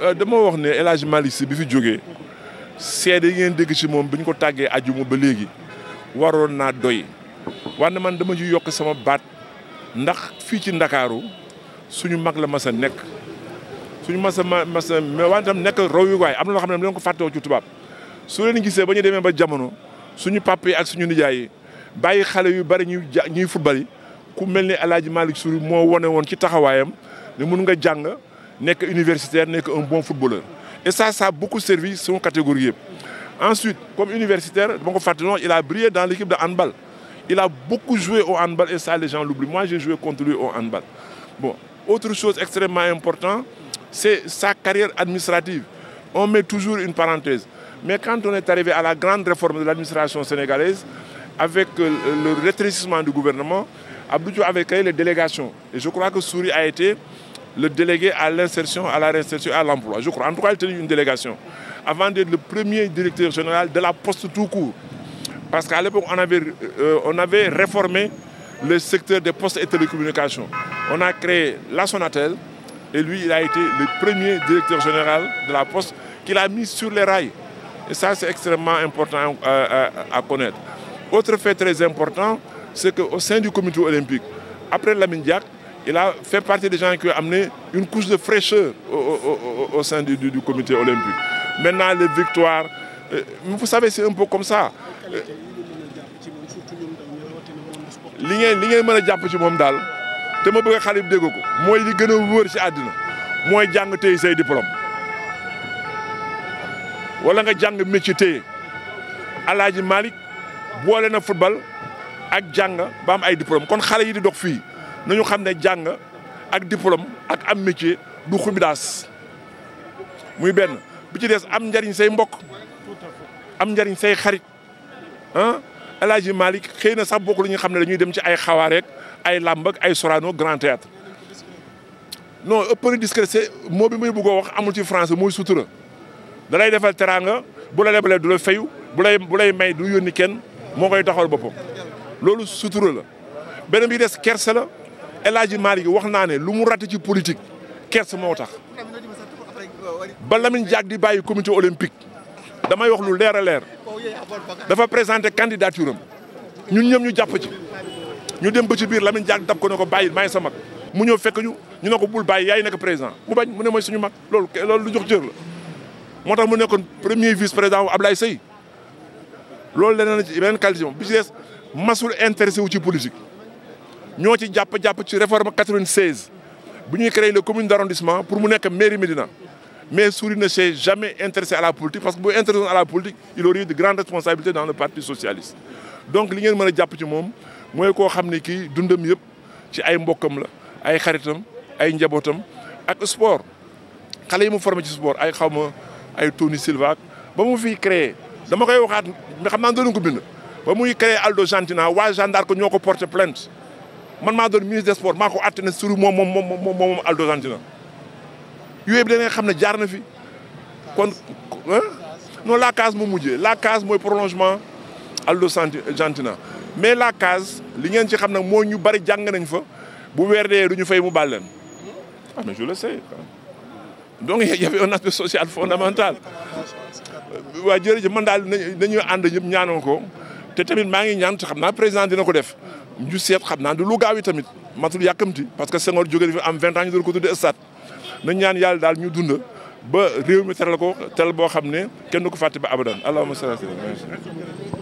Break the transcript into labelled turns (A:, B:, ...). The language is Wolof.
A: Euh, dama wax ne El Hadj Malick bi fi jógee seede yi ngeen dégg ci moom bi ñu ko tàggee ajuma ba léegi waroon naa doy wanna man dama ci yokk sama baat ndax fii ci ndakaaru suñu mag la masa nekk suñu mas a mas a mais wante tam nekk yu royuwaay am na loo xam ne da nga ko fàttewoo ci su leen gisee ba ñu demee ba jamono suñu papa yi ak suñu nijaay yi bàyyi xale yu bari ñuy ja ñuy football yi ku mel ni El Hadj Malick moo wone woon ci taxawaayam ne mun nga jàng. nekk universitaire nekk un bon footballeur et ça ça a beaucoup servi son catégorie yëpp. ensuite comme universitaire donc ko fàttaloo il a brillé dans l'équipe de handball il a beaucoup joué au handball et ça les gens l'oublient moi j'ai joué contre au handball bon autre chose extrêmement important c'est sa carrière administrative on met toujours une parenthèse mais quand on est arrivé à la grande réforme de l'administration sénégalaise avec euh, le rétrécissement du gouvernement Abdou Diouf avait créé les délégations je crois que Souris a le délégué à l'insertion, à la réinsertion, à l'emploi, je crois. En tout cas, il tenait une délégation avant d'être le premier directeur général de la Poste tout court. Parce qu'à l'époque, on, avait, euh, on avait réformé le secteur des postes et télécommunications. On a créé la Sonatel et lui, il a été le premier directeur général de la Poste qu'il a mis sur les rails. Et ça, c'est extrêmement important à, euh, à, à connaître. Autre fait très important, c'est qu'au sein du comité olympique, après Lamine Diak, il a fait partie des gens qui ont amené une couche de fraîcheur au, au, au, au sein du, du, du, comité olympique. Maintenant, les victoires, euh, vous savez, c'est un peu comme ça. Euh, li ngeen li ngay mën a jàpp ci moom daal te ma bëgg a xale bi dégg ko mooy li gën a wóor si àddina mooy jàng téye say diplôme wala nga jàng métier téye Alaaji Malick boole na football ak jàng baam ay diplôme kon xale yi di dox fii nañu xam ne jàng ak diplôme ak am métier du xumidaas muy benn bi ci des am njariñ say mbokk am njariñ say xarit ah El Hadj xëy na sax bokk lu ñu xam ne dañuy dem ci ay xawaareek ay làmb ay Sorano Grand Théâtre non ëppari discret moo bi muy bëggoo wax amul ci français muy sutura dalay lay defal teraanga bu la lebalee du la fayu bu lay bu lay may du yónni kenn moo koy taxawal boppam loolu sutura la beneen bi des kersa la El Hadji Malick wax naa ne lu mu raté ci politique kers moo tax ba Lamine Diack di bàyyi comité olympique damay wax lu leer a leer dafa présenté candidature am ñun ñoom ñu jàpp ci ñu dem ba ci biir Lamine Diack dab ko ne ko bàyyi maay sa mag mu ñëw fekk ñu ñu ne ko bul bàyyi yaay nekk président mu bañ mu ne mooy suñu mag loolu loolu lu jox cër la moo tax mu nekkoon premier vice président ab lay Seye loolu leneen beneen qualité moom bi ci des masul intéressé wu ci politique ñoo ci jàpp-jàpp ci réforme 96 bu ñuy créé le commune d' arrondissement pour mu nekk mairie Médina mais Souris ne s'est jamais intéressé à la politique parce que bu intéressé à la politique il aurait eu de grandes responsabilités dans le parti socialiste donc li ngeen mën a jàpp ci moom mooy koo xam ne kii dundam yëpp ci ay mbokkam la ay xaritam ay njabootam ak sport xale yi mu formé ci sport ay xaw ma ay Tony Silva ba mu fiy créé dama koy waxaat xam naa doon ko bind ba muy créé Aldo Gentina waa gendarme ko ñoo ko porté plainte man maa doon ministre des sports maa ko àtte ne suru moom moom moom moom moom Aldo Argentina yooyu bi da nga xam ne jaar na fi kon non la case moo mujjee la case mooy prolongement Aldo Argentina mais la case li ngeen ci xam nag moo ñu bari jàng nañ fa bu weer dee du ñu fay mu baal leen ah mais je le sais donc il y avait un aspect social fondamental waaw jërëjëf man daal nañu ànd ñëpp ñaanoo ko te tamit maa ngi ñaan te xam naa président dina ko def ñu seet xam naa du lu gaaw yi tamit matul yàkkamti parce que Senghor jóge fi am 20 ans ñu doon ko tuddee stade ñaan yàlla daal ñu dund ba réew mi teral ko teral boo xam ne kenn du ko fàtte ba abadan allahumma salli ala